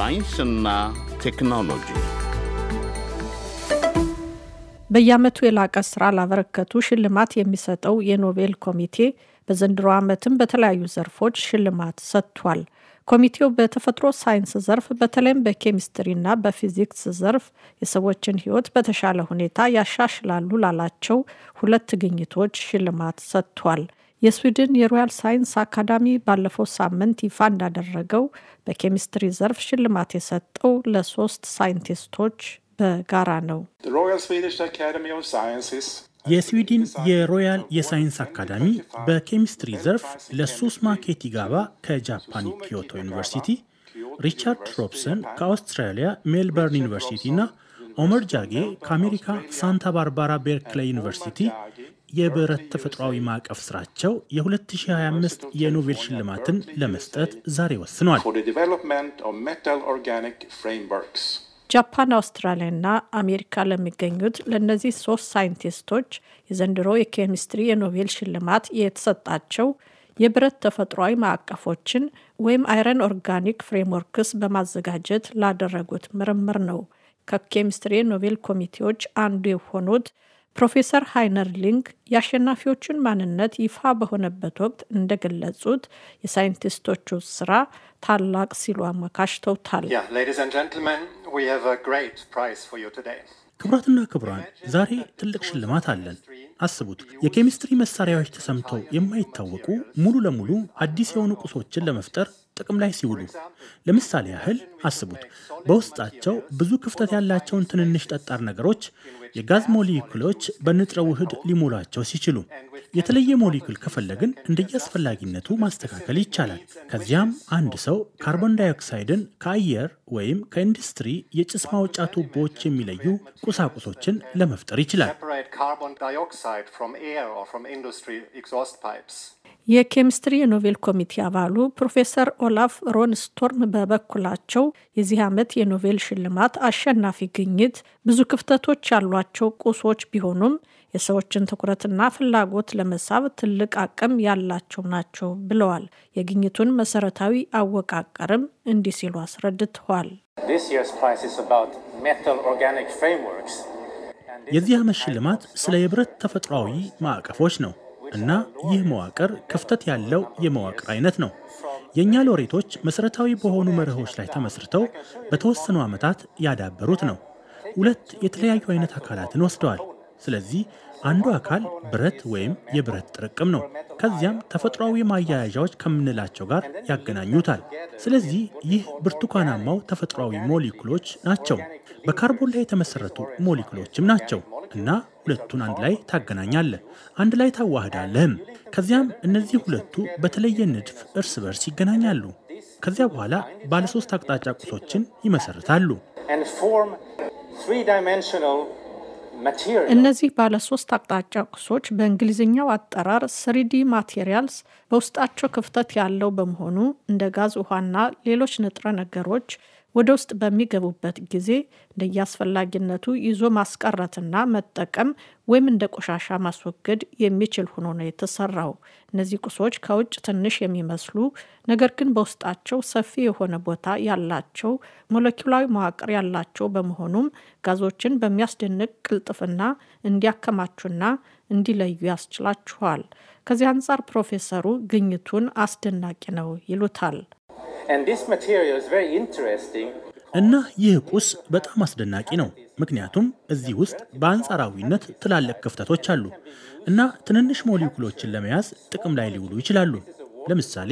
ሳይንስና ቴክኖሎጂ በየዓመቱ የላቀ ስራ ላበረከቱ ሽልማት የሚሰጠው የኖቤል ኮሚቴ በዘንድሮ ዓመትም በተለያዩ ዘርፎች ሽልማት ሰጥቷል። ኮሚቴው በተፈጥሮ ሳይንስ ዘርፍ በተለይም በኬሚስትሪና በፊዚክስ ዘርፍ የሰዎችን ሕይወት በተሻለ ሁኔታ ያሻሽላሉ ላላቸው ሁለት ግኝቶች ሽልማት ሰጥቷል። የስዊድን የሮያል ሳይንስ አካዳሚ ባለፈው ሳምንት ይፋ እንዳደረገው በኬሚስትሪ ዘርፍ ሽልማት የሰጠው ለሶስት ሳይንቲስቶች በጋራ ነው። የስዊድን የሮያል የሳይንስ አካዳሚ በኬሚስትሪ ዘርፍ ማኬቲ ጋባ ከጃፓን ኪዮቶ ዩኒቨርሲቲ፣ ሪቻርድ ሮብሰን ከአውስትራሊያ ሜልበርን ዩኒቨርሲቲ እና ኦመር ጃጌ ከአሜሪካ ሳንታ ባርባራ ቤርክላይ ዩኒቨርሲቲ የብረት ተፈጥሯዊ ማዕቀፍ ስራቸው የ2025 የኖቤል ሽልማትን ለመስጠት ዛሬ ወስኗል። ጃፓን፣ አውስትራሊያና አሜሪካ ለሚገኙት ለእነዚህ ሶስት ሳይንቲስቶች የዘንድሮ የኬሚስትሪ የኖቤል ሽልማት የተሰጣቸው የብረት ተፈጥሯዊ ማዕቀፎችን ወይም አይረን ኦርጋኒክ ፍሬምወርክስ በማዘጋጀት ላደረጉት ምርምር ነው። ከኬሚስትሪ ኖቤል ኮሚቴዎች አንዱ የሆኑት ፕሮፌሰር ሃይነር ሊንክ የአሸናፊዎቹን ማንነት ይፋ በሆነበት ወቅት እንደገለጹት የሳይንቲስቶቹ ስራ ታላቅ ሲሉ አሞካሽተውታል። ክቡራትና ክቡራን ዛሬ ትልቅ ሽልማት አለን። አስቡት የኬሚስትሪ መሳሪያዎች ተሰምተው የማይታወቁ ሙሉ ለሙሉ አዲስ የሆኑ ቁሶችን ለመፍጠር ጥቅም ላይ ሲውሉ ለምሳሌ ያህል አስቡት። በውስጣቸው ብዙ ክፍተት ያላቸውን ትንንሽ ጠጣር ነገሮች የጋዝ ሞሊኩሎች በንጥረ ውህድ ሊሞሏቸው ሲችሉ፣ የተለየ ሞሊኩል ከፈለግን እንደየአስፈላጊነቱ ማስተካከል ይቻላል። ከዚያም አንድ ሰው ካርቦን ዳይኦክሳይድን ከአየር ወይም ከኢንዱስትሪ የጭስ ማውጫ ቱቦዎች የሚለዩ ቁሳቁሶችን ለመፍጠር ይችላል። የኬሚስትሪ የኖቤል ኮሚቴ አባሉ ፕሮፌሰር ኦላፍ ሮንስቶርም በበኩላቸው የዚህ ዓመት የኖቤል ሽልማት አሸናፊ ግኝት ብዙ ክፍተቶች ያሏቸው ቁሶች ቢሆኑም የሰዎችን ትኩረትና ፍላጎት ለመሳብ ትልቅ አቅም ያላቸው ናቸው ብለዋል። የግኝቱን መሰረታዊ አወቃቀርም እንዲህ ሲሉ አስረድተዋል። የዚህ ዓመት ሽልማት ስለ የብረት ተፈጥሯዊ ማዕቀፎች ነው። እና ይህ መዋቅር ክፍተት ያለው የመዋቅር አይነት ነው። የእኛ ሎሬቶች መሠረታዊ በሆኑ መርሆች ላይ ተመስርተው በተወሰኑ ዓመታት ያዳበሩት ነው። ሁለት የተለያዩ አይነት አካላትን ወስደዋል። ስለዚህ አንዱ አካል ብረት ወይም የብረት ጥርቅም ነው። ከዚያም ተፈጥሯዊ ማያያዣዎች ከምንላቸው ጋር ያገናኙታል። ስለዚህ ይህ ብርቱካናማው ተፈጥሯዊ ሞሊኩሎች ናቸው። በካርቦን ላይ የተመሰረቱ ሞሊኩሎችም ናቸው እና ሁለቱን አንድ ላይ ታገናኛለህ፣ አንድ ላይ ታዋህዳለህም። ከዚያም እነዚህ ሁለቱ በተለየ ንድፍ እርስ በርስ ይገናኛሉ። ከዚያ በኋላ ባለሶስት አቅጣጫ ቁሶችን ይመሰርታሉ። እነዚህ ባለሶስት አቅጣጫ ቁሶች በእንግሊዝኛው አጠራር ስሪዲ ማቴሪያልስ በውስጣቸው ክፍተት ያለው በመሆኑ እንደ ጋዝ፣ ውሃና ሌሎች ንጥረ ነገሮች ወደ ውስጥ በሚገቡበት ጊዜ እንደየአስፈላጊነቱ ይዞ ማስቀረትና መጠቀም ወይም እንደ ቆሻሻ ማስወገድ የሚችል ሆኖ ነው የተሰራው። እነዚህ ቁሶች ከውጭ ትንሽ የሚመስሉ ነገር ግን በውስጣቸው ሰፊ የሆነ ቦታ ያላቸው ሞለኪላዊ መዋቅር ያላቸው በመሆኑም ጋዞችን በሚያስደንቅ ቅልጥፍና እንዲያከማቹና እንዲለዩ ያስችላችኋል። ከዚህ አንጻር ፕሮፌሰሩ ግኝቱን አስደናቂ ነው ይሉታል። እና ይህ ቁስ በጣም አስደናቂ ነው፣ ምክንያቱም እዚህ ውስጥ በአንጻራዊነት ትላልቅ ክፍተቶች አሉ እና ትንንሽ ሞሊኩሎችን ለመያዝ ጥቅም ላይ ሊውሉ ይችላሉ። ለምሳሌ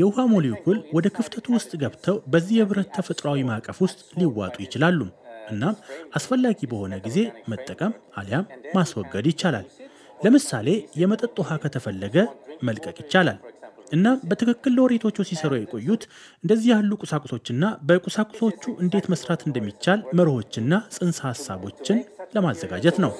የውሃ ሞሊኩል ወደ ክፍተቱ ውስጥ ገብተው በዚህ የብረት ተፈጥሯዊ ማዕቀፍ ውስጥ ሊዋጡ ይችላሉ። እናም አስፈላጊ በሆነ ጊዜ መጠቀም አሊያም ማስወገድ ይቻላል። ለምሳሌ የመጠጥ ውሃ ከተፈለገ መልቀቅ ይቻላል። እና በትክክል ለወሬቶቹ ሲሰሩ የቆዩት እንደዚህ ያሉ ቁሳቁሶችና በቁሳቁሶቹ እንዴት መስራት እንደሚቻል መርሆችና ጽንሰ ሀሳቦችን ለማዘጋጀት ነው።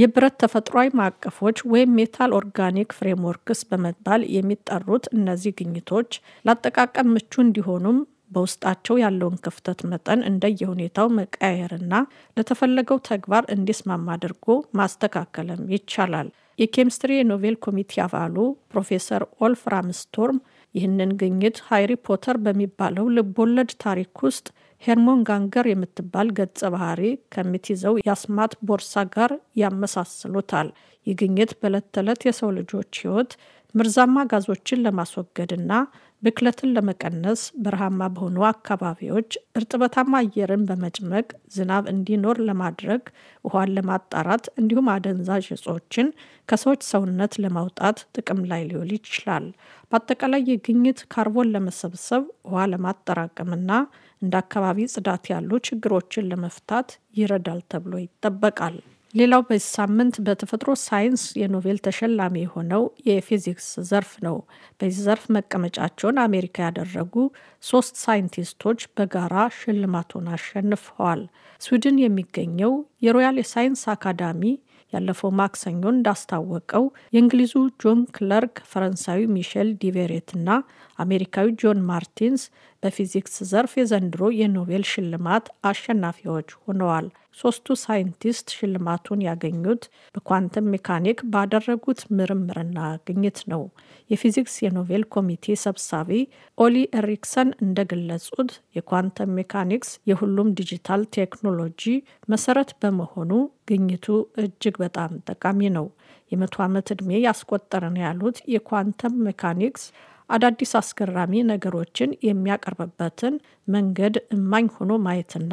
የብረት ተፈጥሯዊ ማዕቀፎች ወይም ሜታል ኦርጋኒክ ፍሬምወርክስ በመባል የሚጠሩት እነዚህ ግኝቶች ለአጠቃቀም ምቹ እንዲሆኑም በውስጣቸው ያለውን ክፍተት መጠን እንደየሁኔታው መቀያየርና ለተፈለገው ተግባር እንዲስማማ አድርጎ ማስተካከልም ይቻላል። የኬሚስትሪ የኖቤል ኮሚቴ አባሉ ፕሮፌሰር ኦልፍ ራምስቶርም ይህንን ግኝት ሃይሪ ፖተር በሚባለው ልቦለድ ታሪክ ውስጥ ሄርሞን ጋንገር የምትባል ገጸ ባህሪ ከምትይዘው የአስማት ቦርሳ ጋር ያመሳስሉታል። ይህ ግኝት በዕለት ተዕለት የሰው ልጆች ህይወት ምርዛማ ጋዞችን ለማስወገድና ብክለትን ለመቀነስ በረሃማ በሆኑ አካባቢዎች እርጥበታማ አየርን በመጭመቅ ዝናብ እንዲኖር ለማድረግ ውሃን ለማጣራት እንዲሁም አደንዛዥ እጾችን ከሰዎች ሰውነት ለማውጣት ጥቅም ላይ ሊውል ይችላል። በአጠቃላይ የግኝት ካርቦን ለመሰብሰብ ውሃ ለማጠራቀምና እንደ አካባቢ ጽዳት ያሉ ችግሮችን ለመፍታት ይረዳል ተብሎ ይጠበቃል። ሌላው በዚህ ሳምንት በተፈጥሮ ሳይንስ የኖቤል ተሸላሚ የሆነው የፊዚክስ ዘርፍ ነው። በዚህ ዘርፍ መቀመጫቸውን አሜሪካ ያደረጉ ሶስት ሳይንቲስቶች በጋራ ሽልማቱን አሸንፈዋል። ስዊድን የሚገኘው የሮያል የሳይንስ አካዳሚ ያለፈው ማክሰኞ እንዳስታወቀው የእንግሊዙ ጆን ክለርክ፣ ፈረንሳዊ ሚሼል ዲቬሬት እና አሜሪካዊ ጆን ማርቲንስ በፊዚክስ ዘርፍ የዘንድሮ የኖቤል ሽልማት አሸናፊዎች ሆነዋል። ሶስቱ ሳይንቲስት ሽልማቱን ያገኙት በኳንተም ሜካኒክ ባደረጉት ምርምርና ግኝት ነው። የፊዚክስ የኖቤል ኮሚቴ ሰብሳቢ ኦሊ ኤሪክሰን እንደገለጹት የኳንተም ሜካኒክስ የሁሉም ዲጂታል ቴክኖሎጂ መሰረት በመሆኑ ግኝቱ እጅግ በጣም ጠቃሚ ነው። የመቶ ዓመት ዕድሜ ያስቆጠረ ያሉት የኳንተም ሜካኒክስ አዳዲስ አስገራሚ ነገሮችን የሚያቀርብበትን መንገድ እማኝ ሆኖ ማየትና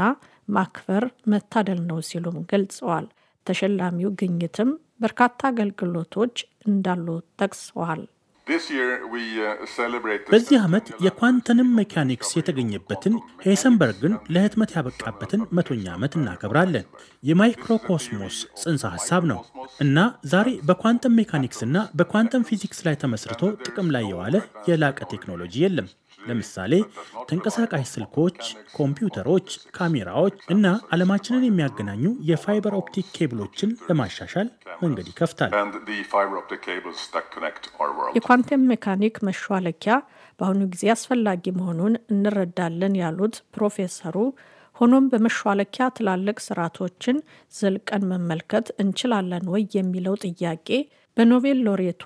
ማክበር መታደል ነው ሲሉም ገልጸዋል። ተሸላሚው ግኝትም በርካታ አገልግሎቶች እንዳሉ ጠቅሰዋል። uh, በዚህ ዓመት የኳንተንም ሜካኒክስ የተገኘበትን ሄሰንበርግን ለህትመት ያበቃበትን መቶኛ ዓመት እናከብራለን። የማይክሮኮስሞስ ጽንሰ ሐሳብ ነው እና ዛሬ በኳንተም እና በኳንተም ፊዚክስ ላይ ተመስርቶ ጥቅም ላይ የዋለ የላቀ ቴክኖሎጂ የለም። ለምሳሌ ተንቀሳቃሽ ስልኮች፣ ኮምፒውተሮች፣ ካሜራዎች እና ዓለማችንን የሚያገናኙ የፋይበር ኦፕቲክ ኬብሎችን ለማሻሻል መንገድ ይከፍታል። የኳንተም ሜካኒክ መሿለኪያ በአሁኑ ጊዜ አስፈላጊ መሆኑን እንረዳለን ያሉት ፕሮፌሰሩ ሆኖም በመሿለኪያ ትላልቅ ስርዓቶችን ዘልቀን መመልከት እንችላለን ወይ የሚለው ጥያቄ በኖቤል ሎሬቷ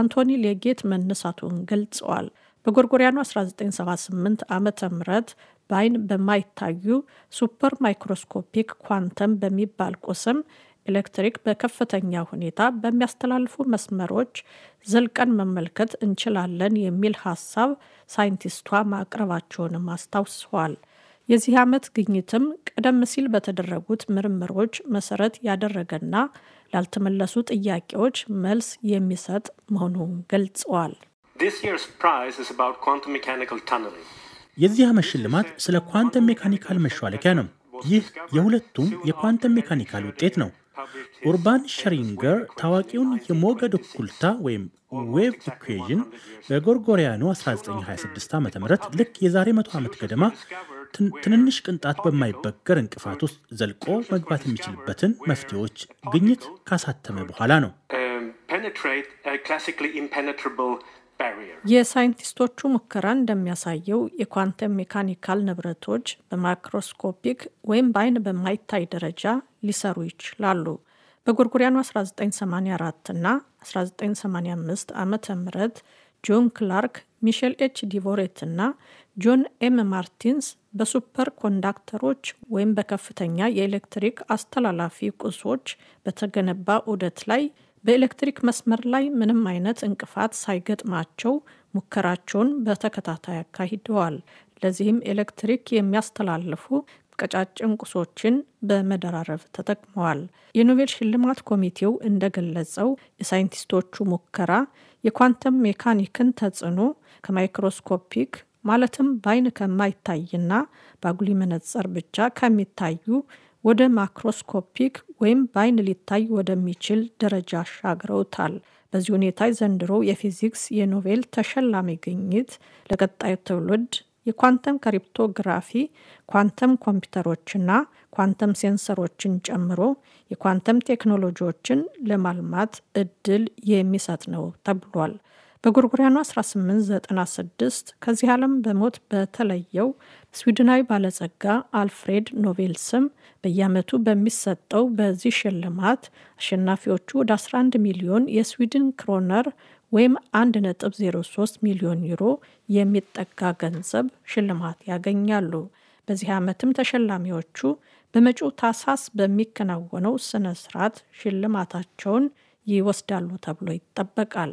አንቶኒ ሌጌት መነሳቱን ገልጸዋል። በጎርጎሪያኑ 1978 ዓመተ ም በአይን በማይታዩ ሱፐር ማይክሮስኮፒክ ኳንተም በሚባል ቁስም ኤሌክትሪክ በከፍተኛ ሁኔታ በሚያስተላልፉ መስመሮች ዘልቀን መመልከት እንችላለን የሚል ሀሳብ ሳይንቲስቷ ማቅረባቸውንም አስታውሰዋል። የዚህ ዓመት ግኝትም ቀደም ሲል በተደረጉት ምርምሮች መሰረት ያደረገና ላልተመለሱ ጥያቄዎች መልስ የሚሰጥ መሆኑን ገልጸዋል። የዚህ ዓመት ሽልማት ስለ ኳንተም ሜካኒካል መሿለኪያ ነው። ይህ የሁለቱም የኳንተም ሜካኒካል ውጤት ነው። ኡርባን ሸሪንገር ታዋቂውን የሞገድ እኩልታ ወይም ዌቭ ኢኩዌዥን በጎርጎሪያኑ 1926 ዓ ም ልክ የዛሬ መቶ ዓመት ገደማ ትንንሽ ቅንጣት በማይበገር እንቅፋት ውስጥ ዘልቆ መግባት የሚችልበትን መፍትሄዎች ግኝት ካሳተመ በኋላ ነው። um, የሳይንቲስቶቹ ሙከራ እንደሚያሳየው የኳንተም ሜካኒካል ንብረቶች በማክሮስኮፒክ ወይም በአይን በማይታይ ደረጃ ሊሰሩ ይችላሉ። በጎርጎሪያኑ 1984 እና 1985 ዓ ም ጆን ክላርክ፣ ሚሼል ኤች ዲቮሬት እና ጆን ኤም ማርቲንስ በሱፐር ኮንዳክተሮች ወይም በከፍተኛ የኤሌክትሪክ አስተላላፊ ቁሶች በተገነባ ዑደት ላይ በኤሌክትሪክ መስመር ላይ ምንም አይነት እንቅፋት ሳይገጥማቸው ሙከራቸውን በተከታታይ አካሂደዋል። ለዚህም ኤሌክትሪክ የሚያስተላልፉ ቀጫጭን ቁሶችን በመደራረብ ተጠቅመዋል። የኖቤል ሽልማት ኮሚቴው እንደገለጸው የሳይንቲስቶቹ ሙከራ የኳንተም ሜካኒክን ተጽዕኖ ከማይክሮስኮፒክ ማለትም በአይን ከማይታይና በአጉሊ መነጽር ብቻ ከሚታዩ ወደ ማክሮስኮፒክ ወይም በአይን ሊታይ ወደሚችል ደረጃ አሻግረውታል። በዚህ ሁኔታ ዘንድሮ የፊዚክስ የኖቤል ተሸላሚ ግኝት ለቀጣዩ ትውልድ የኳንተም ክሪፕቶግራፊ፣ ኳንተም ኮምፒውተሮችና ኳንተም ሴንሰሮችን ጨምሮ የኳንተም ቴክኖሎጂዎችን ለማልማት እድል የሚሰጥ ነው ተብሏል። በጎርጎሪያኑ 1896 ከዚህ ዓለም በሞት በተለየው ስዊድናዊ ባለጸጋ አልፍሬድ ኖቬል ስም በየዓመቱ በሚሰጠው በዚህ ሽልማት አሸናፊዎቹ ወደ 11 ሚሊዮን የስዊድን ክሮነር ወይም 1.03 ሚሊዮን ዩሮ የሚጠጋ ገንዘብ ሽልማት ያገኛሉ። በዚህ ዓመትም ተሸላሚዎቹ በመጪው ታሳስ በሚከናወነው ስነ ስርዓት ሽልማታቸውን ይወስዳሉ ተብሎ ይጠበቃል።